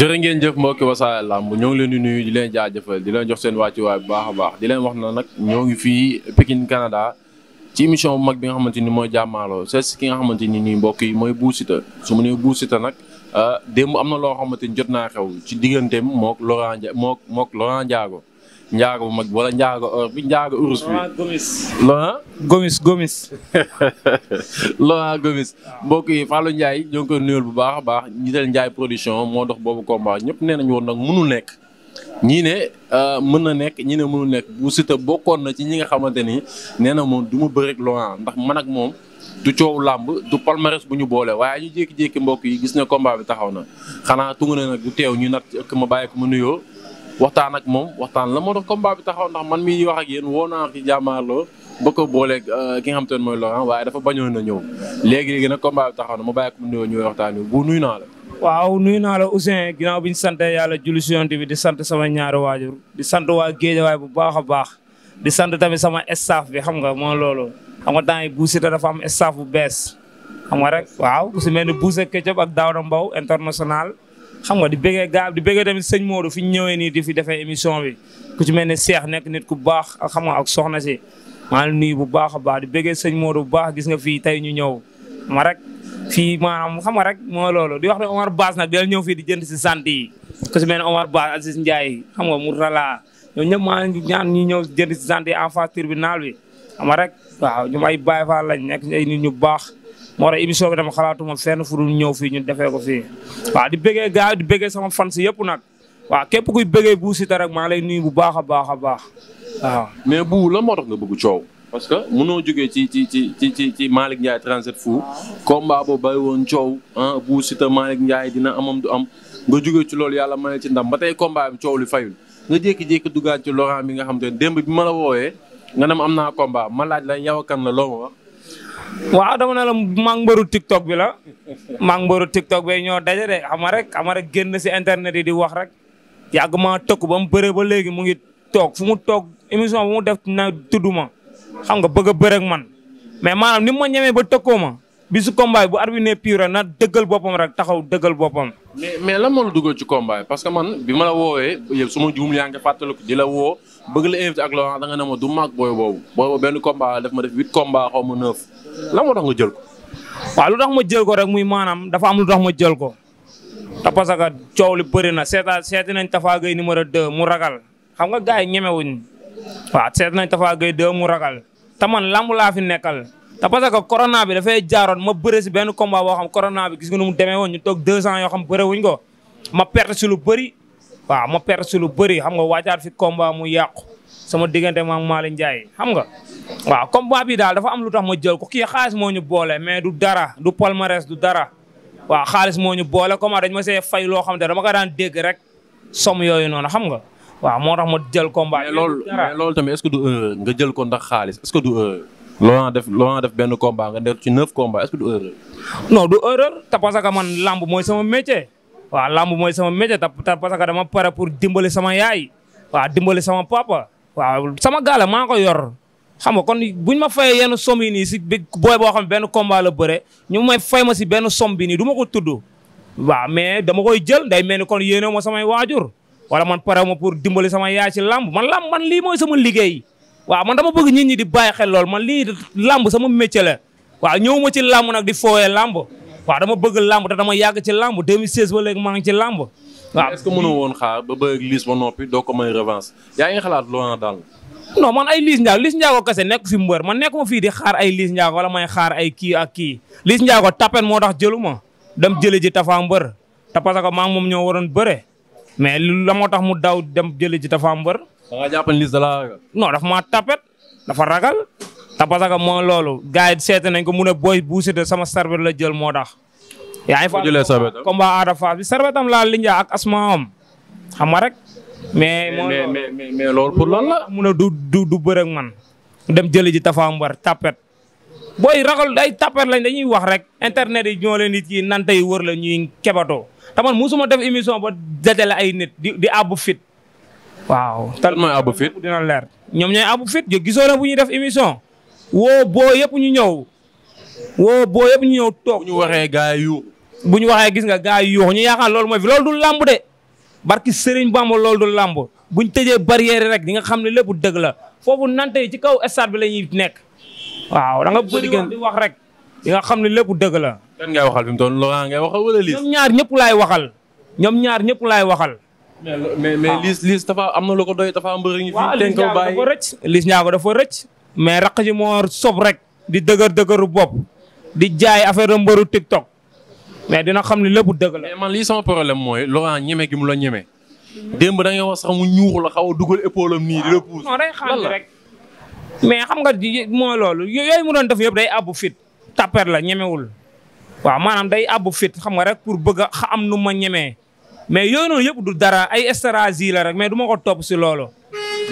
jërë ngeen jëf mbokki wasaare làmb ñoo ngi leen di nuyu di leen jaajëfal di leen jox seen wàccuwaay bu baax a baax di leen wax na nag ñoo ngi fii Pikine Canada ci émission bu mag bi nga xamante ni mooy jàmmaaloo c'est ki nga xamante ni nii mbokk yi mooy Bou su ma nee Bou nag ah, démb am na loo xamante ni jot naa xew ci digganteem mook Laurent mook mook Laurent Ndiago njaago bu mag wala njaago or euh, bi njaago urus bi. Laurent Gomis. Laurent Gomis Gomis. Laurent Gomis mbokk yi Fallou Ndiaye ñoo ngi koy nuyal bu baax a baax ñi deel Ndiaye production moo dox boobu combat ñëpp nee nañu woon nag mënul nekk. ñii ne euh, mën na nekk ñii ne mënul nekk bu Siteu bokkoon na ci ñi nga xamante ni neena na moom du ma bëreeg Laurent ndax man ak moom. du coow làmb du palmarès bu ñu boole waaye ñu jékki-jékki mbokk yi gis ne combat bi taxaw na xanaa tungu ne nag du teew ñu nat ma bàyyi ma nuyoo. waxtaan ak moom waxtaan la moo tax combat bi taxaw ndax man mi wax ak yéen woo naa ci jàmmaarloo ba ko booleeg euh, ki nga xam te ne mooy Laurent waaye dafa bañoon na ñëw léegi-léegi nag combat bi taxaw na ma bàyyi ko mu nuyoo ñu waxtaan nuyu naa la. waaw nuyu naa la Ousseyn ginnaaw bi ñu sant yàlla julli si bi di sant sama ñaari waajur di sant waa Géejawaay bu baax a baax di sant tamit sama staff bi xam nga moo loolu xam nga temps yi Bou Siteu dafa am staff bu bees xam nga rek waaw su mel ni Bousse Ketchup ak Daouda Mbow international xam nga di bëggee gaa di bëggee tamit sëñ Modou fi ñu ñëwee nii di fi defee émission bi ku ci mel ne Cheikh nekk nit ku baax xam nga ak soxna si maa nii bu baax a baax di bëggee sëñ Modou bu baax gis nga fii tey ñu ñëw ma rek fii maanaam xam nga rek moo loolu di wax ne Omar baax na dal ñëw fii di jënd si sant yi ku ci mel ne Omar Baas Aziz Ndiaye xam nga mu rala ñoom ñëpp ngi ñaan ñu ñëw jënd si sant yi en face tribunal bi xam rek waaw ñu ay Baay Faal lañ nekk nit ñu baax moo tax émission bi dama xalaatuma fenn fu dul ñëw fii ñu defee ko fii waaw di bëggee gars di bëggee sama fans yëpp nag waa képp kuy bëggee Bou Siteu rek maa lay nuyu bu baax a baax a baax waaw. mais bu la moo tax nga bëgg coow. parce que mënoo jógee ci ci ci ci ci ci Malick Ndiaye 37 fou combat boobu bàyyi woon coow ah Bou Siteu Malick Ndiaye dina amam du am nga jógee ci loolu yàlla may ci ndam ba tey combat bi coow li fayul nga jékki-jékki duggaat ci Laurent bi nga xam te démb bi ma la wooyee nga dem am naa combat ma laaj la yow kan la loo waaw dama na la maa ngi mbëru TikTok bi la maa ngi mbëru TikTok bi ñoo daje de xam rek xam rek génn si internet yi di wax rek yàgg maa tëkk ba mu bëree ba léegi mu ngi toog fu mu toog émission bu mu def na tudd ma xam nga bëgg a man mais maanaam ni ma ñemee ba tëkkoo ma bi su combat bu arbitre ne pure na dëggal boppam rek taxaw dëggal boppam. mais mais lan moo la dugal ci combat parce que man bi ma la woowee yëpp su ma juum yaa di la woo. bëgg la invité ak Laurent da nga ne ma du mag booy boobu booy boobu benn combat daf ma def huit combat xaw ma neuf lan moo ma jël ko rek muy maanaam dafa am ma jël ko te parce que coow li bëri na seeta seeti nañ Tafa Gueye numéro 2 mu ragal xam nga gars yi ñemewuñ waaw seeti nañ Tafa Gueye 2 mu ragal te man lamb laa fi nekkal. te parce que corona bi dafay jaaroon ma bëre si benn combat boo xam corona bi gis nga nu mu demee woon ñu toog deux ans yoo xam bëre wuñ ko ma perte si bëri. waaw ma perte si lu bëri xam nga waajaat fi combat mu yàqu sama diggante ma Malick Ndiaye bi daal dafa am lu tax ma jël ko kii xaalis moo ñu boole mais du dara du palmarès du dara waa xaalis moo ñu boole comment dañ ma see fay loo xam te dama ka daan dégg rek som yooyu noonu xam nga waaw moo tax ma jël combat. mais loolu tamit est-ce que du euh, nga jël ko ndax xaalis est-ce que du. Euh, Laurent def Laurent def benn combat nga def ci neuf du erreur. non du erreur te parce man lamb mooy sama métier. waa lamb mooy sama métier ta parce que dama pare pour dimbali sama yaay waaw dimbali sama papa waaw sama gaale maa ko yor xam nga kon buñ ma fayee yenn somm yi nii si booy boo xam benn combat la bëre ñu may fay ma si benn somm bi nii du ma ko tudd waaw mais dama koy jël day mel ni kon yéene ma samay waajur wala man pare ma pour dimbali sama yaay si lamb man lamb man lii mooy sama liggéey waaw man dama bëgg nit ñi di bàyyi xel lool man lii lamb sama métier la waaw ñëw ma ci lamb nag di foowee lamb waaw dama bëgg làmb te dama yàgg ci làmb 2016 ba léegi maa ngi ci làmb. noppi doo ko may revanche yaa ngi xalaat Laurent daal. non man ay Liss Ndiago Liss Ndiago kese nekk fi mbër nekk nekkuma fii di xaar ay Liss Ndiago wala may xaar ay kii ak kii Liss Ndiago tapen moo tax jëlu ma dem jëli ji Tapha Mbeur te parce que maa moom ñoo waroon bëre mais la moo tax mu daw dem jëli ji Tapha Mbeur. da nga jàpp dafa maa tapet dafa ragal te parce que mooy loolu gars yi seet nañ ko mu ne booy Bou Siteu sama sarbet la jël moo tax. yaa ngi fàttali combat Ada Fass bi sarbetam laa linja ak asmaam xam nga rek. mais mais mais mais loolu pour la. mu ne du du du man. dem jëli ji Tafa Mbar tapet. booy ragal ay tapet lañ dañuy wax rek internet yi ñoo nit yi nante yi wër la ñuy kebatoo te man musuma def émission ba dajale ay nit di di fit. waaw. tal mooy àbb fit dina ñoom ñooy àbb fit gisoo na bu ñuy def émission. woo boo yëpp ñu ñëw boo yëpp ñu ñëw toog. bu ñu waxee gaa yu. bu ñu waxee gis nga gaa yu ñu yaakaar loolu mooy fi loolu du làmb de barki baa Bamba lool du làmb bu ñu tëjee barrière rek di nga xam ne lépp dëgg la foofu nante yi ci kaw stade bi la ñuy nekk waaw da nga bëri di wax rek di nga xam ne lépp dëgg la. kan ngay waxal fi mu toll ngay waxal wala Liss. ñoom ñaar ñëpp laay waxal ñoom ñaar ñëpp laay waxal. mais mais Liss Liss dafa am na lu ko doy dafa am bëri ñu fi. tënk ko bàyyi waaw rëcc. mais raq ji moo sob rek di dëgër dëgëru bopp di jaay affaire mbëru TikTok mais dina xam ne lépp dëgg la. mais man lii sama problème mooy Laurent ñeme gi la ñeme. démb da ngay sax mu ñuuxu la xaw a dugal épaule am nii di la pousse. day xaar rek mais xam nga di mooy loolu yooyu mu doon def yëpp day àbbu fit tapper la ñemewul waaw maanaam day àbbu fit xam nga rek pour bëgg a am nu ma ñemee mais yooyu noonu yëpp du dara ay stratégie la rek mais du ma ko topp si loolu.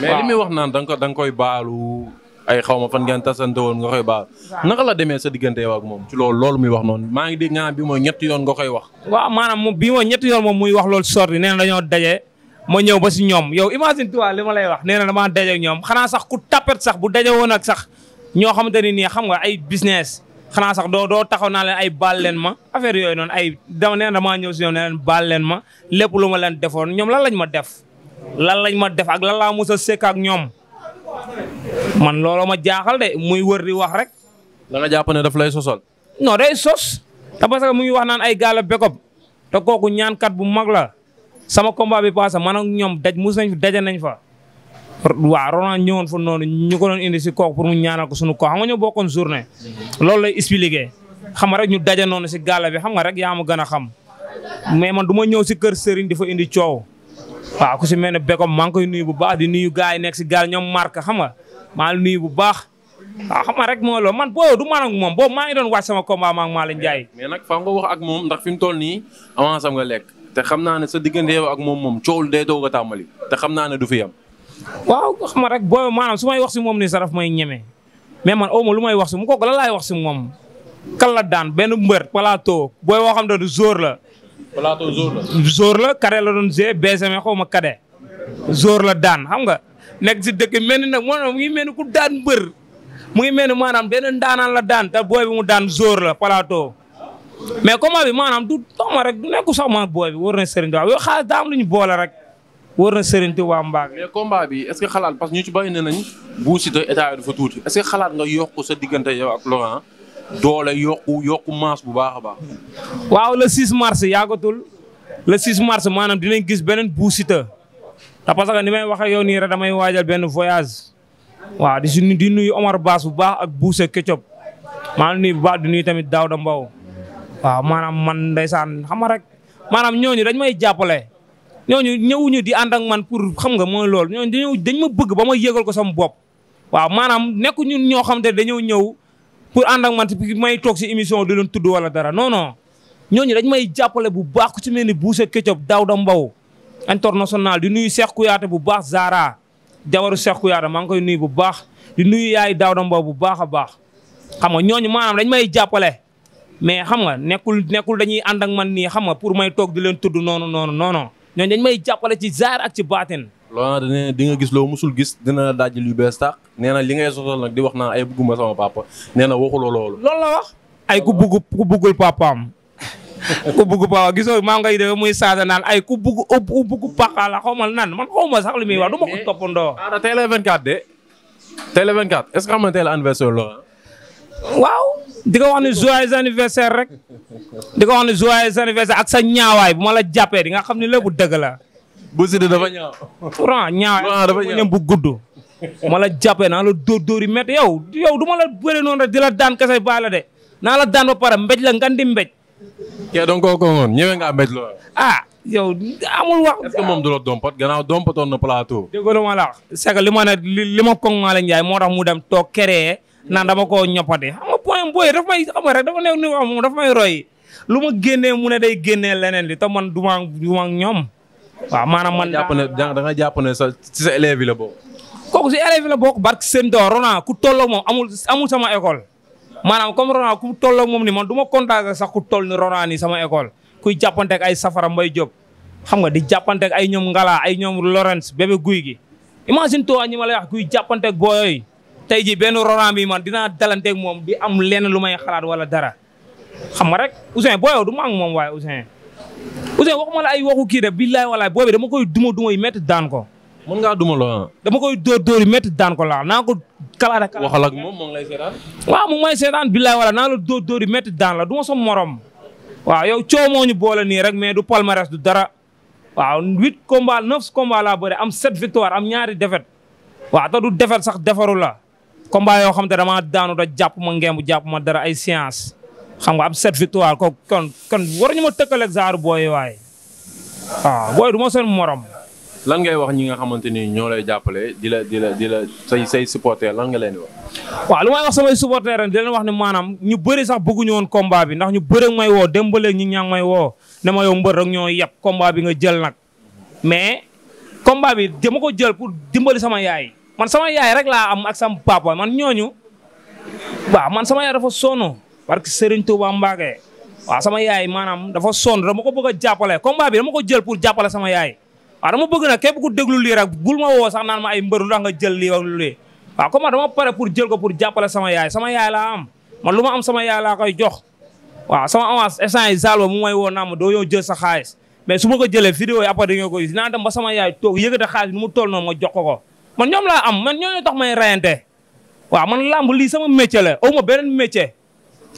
mais li wax naan da da koy baalu. ay xaw ma fan ngeen tasante woon nga koy baal na la demee sa diggante ak moom ci lool loolu muy wax noonu maa ngi dégg nga bi mooy ñetti yoon nga koy wax waaw maanaam bi mooy ñetti yoon moom muy wax loolu sorti nee na dañoo daje ma ñëw ba si ñoom yow imagine li ma lay wax nee na damaa daje ak ñoom sax ku tapet sax bu daje woon ak ñoo xamante ni nii xam nga ay business xanaa sax doo doo taxaw naa leen ay baal leen ma affaire yooyu noon ay dama nee na damaa ñëw si ñoom nee baal leen ma lépp lu ma leen defoon ñoom la lañ ma def lan lañ ma def ak lan laa mos a sekk ak ñoom man looloo ma jaaxal de muy wër di wax rek. da nga jàpp ne daf lay sosol. non day sos te parce que mu ngi wax naan ay gaal a bekkob te kooku ñaankat bu mag la sama combat bi passé man ak ñoom daj mus nañ fi daje nañ fa. waaw Ronald ñëwoon fa noonu ñu ko doon indi si kooku pour mu ñaanal ko suñu koo xam nga ñoo bokkoon journée loolu lay expliqué xam nga rek ñu daje noonu si gàlla bi xam rek yaa ma gën a xam mais man du ma si kër sëriñ di fa indi coow waaw ku si mel ne Bekom maa ngi koy nuyu maa ngi bu baax. waaw ah, xam nga rek moo loolu man boobu du man moom boobu maa ngi doon waaj sama combat maa ngi Malick Ndiaye. mais nag fa nga wax ak moom ndax fi mu toll nii avance am lekk te xam naa ne sa diggante yow ak moom moom coow day doog a tàmbali te xam naa ne du fi yam. waaw xam nga rek boobu maanaam su may wax si moom nii saraf may ñeme mais man aw ma lu may wax si mu kooku la laay wax si moom. kan la daan benn mbër plateau booy boo xam ne du jour la. plateau jour la. jour la doon gée BSM e, xaw ma kade jour la daan xam nga. nekk si dëkk mel ni nag moo mu ngi mel ni ku daan mbër mu ngi mel ni maanaam benn ndaanaan la daan te booy bi mu daan zóor la plateau mais combat bi maanaam du tooma rek du nekku sax ma booy bi wóor na Serigne Touba yow xaalis daam lu boole rek wóor na Serigne Touba Mbacké mais bi est ce xalaat parce que ñu ci bàyyi ne nañ Bou Siteu état dafa tuuti est ce que xalaat nga yokk sa diggante yow ak Laurent doole yokku yokku masse bu baax a baax waaw la 6 mars yàggatul le 6 mars maanaam dinañ gis beneen Bou Siteu ndax parce que ni may wax ak yow nii rek damay waajal benn voyage waaw di si di nuyu Omar Baas bu baax ak Bousse Ketchup maa ngi nuyu bu baax di nuyu tamit Daouda Mbow waaw maanaam man ndeysaan xam nga rek maanaam ñooñu dañ may jàppale ñooñu ñëwuñu di ànd ak man pour xam nga mooy loolu ñooñu dañ ma bëgg ba ma yëgal ko sama bopp. waaw maanaam nekku ñun ñoo xam te dañoo ñëw pour ànd ak man may toog si émission di leen tudd wala dara non non ñooñu dañ may jàppale bu baax ku ci mel ni Bousse Ketchup Daouda Mbow international di nuyu Cheikh Kouyaté bu baax Zara jabaru Cheikh Kouyaté maa ngi koy nuyu bu baax di nuyu yaay Daouda Mbow bu baax a baax xam nga ñooñu maanaam dañ may jàppale mais xam nga nekkul nekkul dañuy ànd ak man nii xam nga pour may toog di leen tudd noonu noonu noonu ñooñu dañ may jàppale ci zaar ak ci baatin Laurent dane di nga gis loo musul gis dina la daajal yu bees taax nee na li ngay sosal nag di wax naa ay bugguma sama papa nee na waxuloo loolu loolu la ay ku bugg papaam ku bugg paxa gisoo maa ay ku bugg ëpp ku la nan man xaw ma sax li muy wax du ma ko toppandoo. ah tey la 24 de tey la 24 nga tey la anniversaire Laurent. waaw di wax ne joyeux anniversaire rek di ko wax ne joyeux anniversaire ak sa ñaawaay bu ma la jàppee di nga xam ne lépp dëgg la. bu si dafa ñaaw. dafa ñaaw bu ma la jàppee naa la dóor dóor yi métti yow yow du ma la bëre noonu rek di la daan kese baa la de naa la daan ba pare mbéj la ngan di yow da nga koo kongoon ñëwee ngaa mbéj loolu. ah yow amul wax. est-ce que moom du la dompat gannaaw dompatoon na plateau. dégg ma la li ma li ma kong maa la moo tax mu dem toog kere naan dama koo ñoppate xam nga point booy dafa may xam nga rek dafa ni wax moom dafa may roy lu ma génnee mu ne day génnee leneen li te man du ma du ñoom. waaw maanaam man jàpp ne da nga jàpp ne sa ci sa élève yi la bokk. kooku si élève yi la bokk barke seen door ku tolloo moom amul amul sama école. maanaam comme Rona ku toll moom ni man du ma contact sax ku toll ni Rona ni sama école kuy jàppante ay safara mbay jóg xam nga di jàppante ay ñoom Ngala ay ñoom Lawrence bébé guy gi imagine toi ñi ma lay wax kuy jàppante ak booyooyu tey ji benn Rona bi ma dinaa dalanteek moom di am lenn lu may xalaat wala dara xam nga rek Ousseyn booyoo du ma ak moom waaye Ousseyn Ousseyn waxuma la ay waxu kii de billaay walaay booy bi dama koy duma duma yi métti daan ko mën ngaa duma Laurent. dama koy dóor dóor yu métti daan ko laa naa ko kalaat ak. waxal ak moo ngi lay seetaan. waaw mu ngi may seetaan billaay wala naa la dóor dóor yu daan la du ma morom. waaw yow coow moo boole nii rek mais du palmarès du dara. waaw huit combats neuf combats laa am sept victoire am ñaari défaite. waa te du défaite sax defaru la. combat yoo xam te damaa daanu da jàpp ma ngemb jàpp ma dara ay science xam nga am sept victoire ko kon kon waruñu ma tëkkaleeg genre booy waaye lan ngay wax ñi nga xamante ni ñoo lay jàppale di la di la di la say say supporter lan nga leen di wax. waaw lu may wax samay supporter di leen wax ne maanaam ñu bëri sax bëgguñu woon combat bi ndax ñu bëri may woo dem ba léegi ñu ñaa ngi may woo ne ma yow mbër rek ñoo yàpp combat bi nga jël nag. mais combat bi dama ko jël pour dimbali sama yaay man sama yaay rek laa am ak sama papa man ñooñu waaw man sama yaay dafa sonn parce que Serigne Touba Mbacké waaw sama yaay maanaam dafa sonn dama ko bëgg a jàppale combat bi dama ko jël pour jàppale sama yaay. waaw ah, dama bëgg na képp ku déglu lii rek bul ma woo sax naan ma ay mbër lu tax nga jël lii ak lii waaw ah, ma dama pare pour jël ko pour jàppale sama yaay sama yaay laa am man lu ma am sama yaay laa koy jox waaw sama avance instant yi Zale mu may woo naa ma doo yow jël sa xaalis mais su ma ko jëlee vidéo yi après dañoo koy dinaa dem ba sama yaay toog yëkkate xaalis nu mu toll noonu ma jox ko ko man ñoom laa am man ñoo tax may rayante waaw man làmb lii sama métier la aw ma beneen métier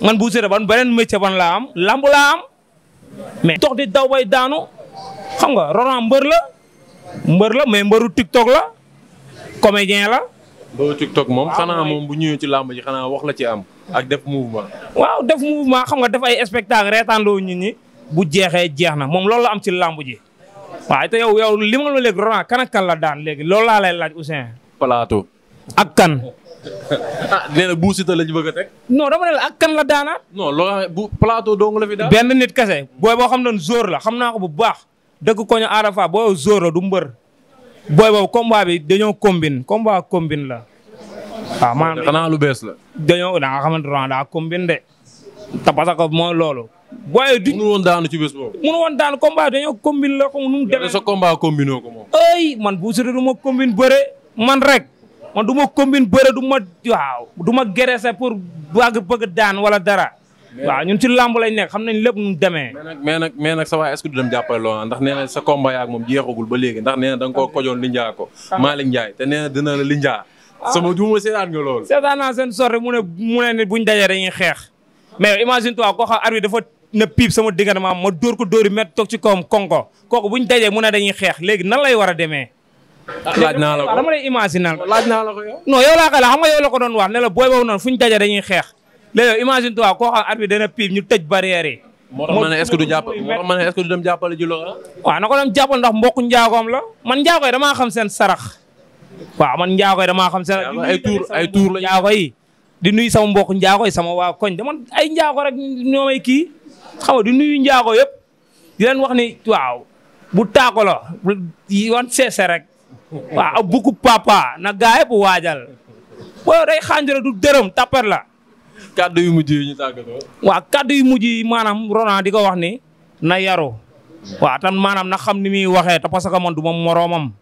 man bu séré ban beneen métier ban laa am làmb laa am mais daw bay daanu xam mbër la mais mbëru TikTok la comédien la. mbëru TikTok moom xanaa moom bu ñëwee ci làmb ji xanaa wax la ci am. ak def mouvement. waaw def mouvement xam nga def ay spectacle reetaandoo nit ñi bu jeexee jeex na moom loolu la am ci làmb ji. waaye te yow yow li ma la léegi kan ak kan la daan léegi loolu laa lay laaj Ousseyn. Plateau. ak kan. ah nee na la ñu bëgg a teg. non dama ak kan la daanaat. non loo bu Plateau dong la fi daan. benn nit kese booy boo xam ne zóor la xam naa ko bu baax. dëkk koñu Arafa booy Zoro du mbër booy boobu combat bi dañoo combine combat la. waaw ah, maanaam xanaa lu bees la. dañoo xamante ne daa combine de te parce mooy loolu. booy du munu woon daanu ci bés boobu. la comme ay man bu sudee du ma combine bëre man rek man du ma combine bëre du ma waaw du ma bëgg daan wala dara. waaw ñun ci làmb lañ nekk xam nañ lépp nu demee mais nag mais nag sa waay est-ce que du dem jàppale loolu ndax nee na sa combat yaak moom jeexagul ba léegi ndax nee na da nga koo kojoon linjaa ko ah. Malick Ndiaye te nee na dina la linjaa ah. sama juuma seetaan nga loolu seetaan naa seen sorte mu ne mu ne ne buñ xeex mais imagine toi koo xam arbitre dafa na piib sama diggante ma dóor ko dóori met toog ci kawam konko kooku buñ dajee mu ne dañuy xeex léegi nan lay war a demee ah, laaj naa la ko dama lay imaginer laaj la ko yow non yow laa koy la xam nga yow ko doon wax ne léegi imagine toi koo xam arbitre dana piib ñu tëj barrière yi. moo tax ma du jàpp moo tax ma ne est dem jàppale ji loolu. waaw na ko dem jàppal ndax mbokku njaagoom la man njaago yi damaa xam seen sarax. waaw man njaago yi damaa xam seen. ay tuur ay tuur la njaago yi di nuyu sama mbokku njaago yi sama waa koñ dama ay njaago rek ñoomay kii xam nga di nuyu njaago yëpp di leen wax ni waaw bu taakoloo wan seese rek waaw ab buku papa na gaa yëpp waajal boo day xaanjara du dërëm tapper la. kàddu yu mujj yi ñu tàggatoo. waaw kàddu yu mujj yi maanaam Rona di ko wax ni na yaru waa tam maanaam na xam ni muy waxee te parce que man du ma moroomam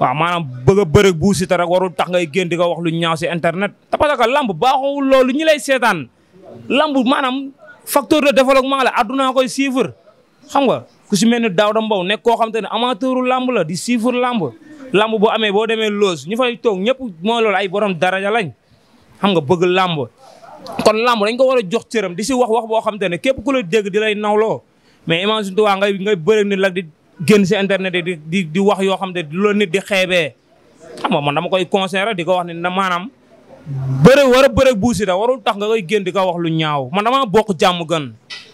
waaw maanaam bëgg a bëri Bou Siteu rek warul tax ngay génn di ko wax lu ñaaw si internet. te parce que lamb baaxul loolu ñi lay seetaan lamb maanaam facteur de développement la addunaa koy suivre xam nga ku si mel ni Daouda Mbow nekk koo xam te ne amateuru lamb la di suivre lamb. lamb boo amee boo demee loos ñu fay toog ñëpp mooy loolu ay borom daraja lañ xam nga bëgg kon làmb dañ ko war a jox cëram di si wax wax boo xam te ne képp ku la dégg di lay nawloo mais imagine toi ngay ngay bëre nit la di génn si internet di di di wax yoo xam te ne loolu nit di xeebee xam nga man ma koy conseillé di ko wax ne na maanaam bëre war a bëre si Siteu warul tax nga koy génn di ka wax lu ñaaw man damaa bokk jàmm gën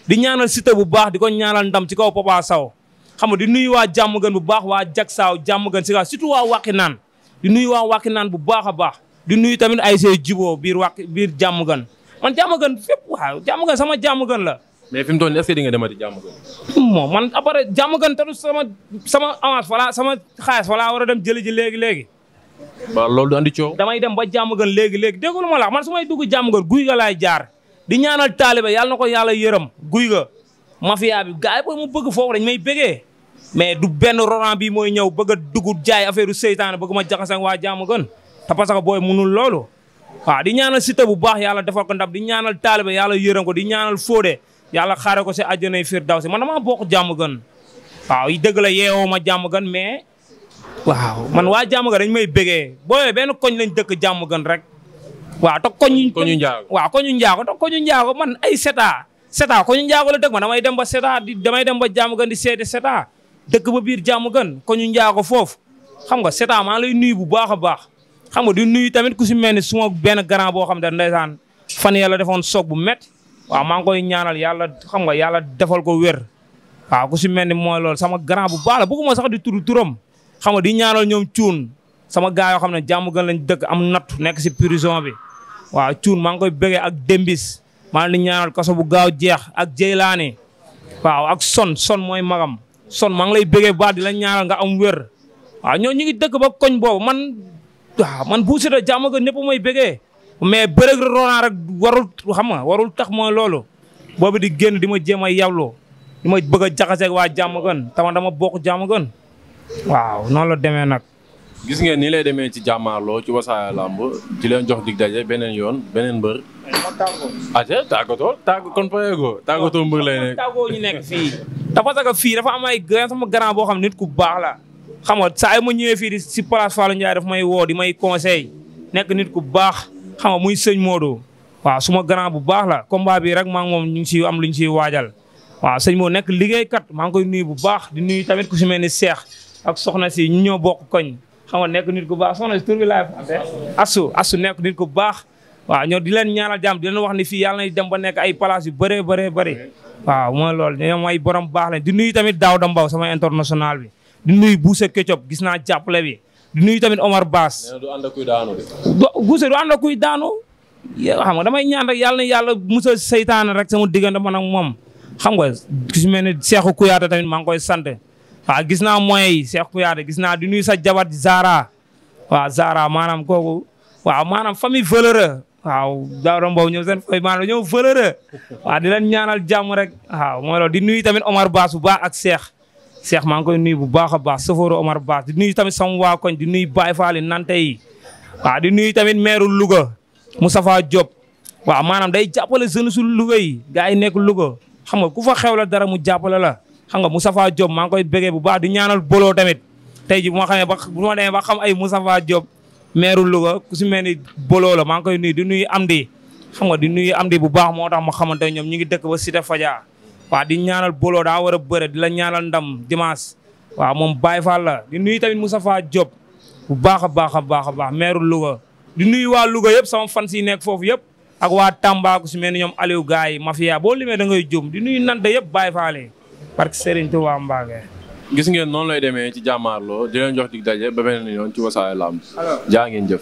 di ñaanal Siteu bu baax di ko ñaanal ndam ci kaw Papa saw xam nga di nuyu waa jàmm gën bu baax waa jak saaw jàmm gën si kaw surtout waa wàqi naan di nuyu waa wàqi naan bu baax a baax di nuyu tamit ay see jiboo biir wàq biir jàmm gën man jàmm gën fépp waaw sama jàmm gën la. mais fi mu toll nii est di nga demati jàmm gën. moom man après jàmm gën te sama sama avance voilà sama xaalis voilà war a dem jëli ji léegi léegi. loolu du andi coow. damay dem ba jàmm gën léegi léegi dégg lu ma la man su may dugg jàmm guy ga laay jaar di ñaanal taalibe yàlla na ko yàlla yërëm guy ga mafia bi gars yi mu bëgg foofu dañ may bëggee mais du benn Laurent bi mooy ñëw bëgg a jaay affaire seytaane bëgg ma jaxase waa jàmm gën te booy munul loolu waaw di ñaanal Siteu bu baax yàlla defal ko ndam di ñaanal taalibe yàlla yërëm ko di ñaanal Fodé yàlla xaare ko si àjjanay Firdawsi man damaa bokk jàmm gan waaw dëgg la yeewoo ma jàmm gan mais waaw man waa jàmm gan ma may bégee booyee benn koñ lañ dëkk jàmm gan rek waa te koñu koñu njaago waaw koñu njaago te koñu njaago man ay seta seta koñu njaago la dëkk man damay dem ba setaa di damay dem ba jàmm gan di seeti seta dëkk ba biir jàmm gan koñu njaago foofu xam nga seta maa bu baax a baax xam nga di nuyu tamit ku si mel ni suma benn grand boo xam ne ndeysaan fan yalla defoon soog bu métti waaw maa ngi koy ñaanal yàlla xam nga yàlla defal ko wer waaw ku si mel ni mooy loolu sama grand bu baax la bëgguma sax di tudd turam xam nga di ñaanal ñoom cuun sama gars yoo xam ne jàmm gën lañ dëkk am nattu nekk si prison bi. waaw cuun maa ngi koy bëggee ak dembis maa ngi di ñaanal kaso bu gaaw jeex ak jeylaane waaw ak son son mooy magam son maa ngi lay bëggee baax di la ñaanal nga am wér waaw ñoo ñu dëkk waa man bu Siteu jàmm ga ñëpp may bëggee mais bërëg Laurent rek warul xam warul tax mooy loolu boobu di génn di ma jéem a di ma bëgg a jaxaseeg waa jàmm gën tama dama bokk jàmm gën waaw noonu la demee nag. gis ngeen nii lay demee ci jàmmaarloo ci Wassare Lamb di leen jox dig daje beneen yoon beneen mbër. aja tàggatoo tàgg kon pareegoo tàggatoo mbër lay nekk. tàggatoo fii. dafa sax fii dafa am ay grand sama boo xam nit ku baax la. xam nga saa yu ma ñëwee fii di si place Fallou Ndiaye daf may woo di may conseil nekk nit ku baax xam nga muy sëñ Modou waaw su ma grand bu baax la combat bi rek maa ngi ñu ngi siy am lu ñu siy waajal. waaw sëñ moo liggéeykat maa ngi koy nuyu bu baax di nuyu tamit ku si mel ni Seex ak soxna si ñoo bokk koñ xam nga nekk nit ku baax soxna si tur bi laay fàtte asu asu nekk nit ku baax waaw ñoo di leen ñaanal jàmm di leen wax ni fii yàlla na dem ba nekk ay place yu bëree bëree bëri waaw mooy loolu ñoom ay borom baax lañ di nuyu tamit Daouda Mbaw sama international bi di nuyu Bousse Ketchup gis naa jàppale bi di nuyu tamit Omar Baas. du ànd ak kuy daanu kuy daanu. xam damay ñaan rek yàlla na yàlla musa seytaan rek sama diggante man ak moom xam nga gis mel ni Cheikhou Kouyaté tamit maa ngi koy sant waa gis naa moyens yi Cheikhou gis naa di nuyu sa jabar Zara waaw Zara maanaam kooku waaw maanaam famille valeureux waaw Daara Mbow di leen ñaanal jàmm rek waaw mooy loolu di nuyu tamit Omar Baas bu baax ak Cheikh. Cheikh maa ngi koy nuyu bu a baax sofooru Omar Baas di nuyu tamit sama waa koñ di nuyu Baye Fall nante yi waaw di nuyu tamit maire Louga Moustapha Diop waaw maanaam day jàppale jeunesse su Louga yi gars yi nekk Louga xam nga ku fa xew la dara mu jàppale la xam nga Moustapha Diop maa ngi koy bëggee bu baax di ñaanal boloo tamit te ji bu ma xamee ba bu ma demee ba xam ay Moustapha Diop ku si mel ni la maa ngi koy nuyu di nuyu Amdi xam nga di nuyu Amdi bu baax moo tax ma xamante ñoom ñu waa di ñaanal Bolo daa war a bëre di la ñaanal ndam dimanche waa moom Baye Fall la di nuyu tamit mu Moustapha Diop bu baax a baax a baax a baax maire Louga di nuyu waa Louga yëpp sama fan si nekk foofu yëpp ak waa Tamba ku si mel ni ñoom Aliou gars yi mafia boo limee da ngay jum di nuyu nante yëpp Baye Fall parce que Serigne Touba Mbacké gis ngeen noonu lay demee ci jàmmaarloo di leen jox dig daje ba beneen yoon ci Wassare Lamb jaa ngeen jëf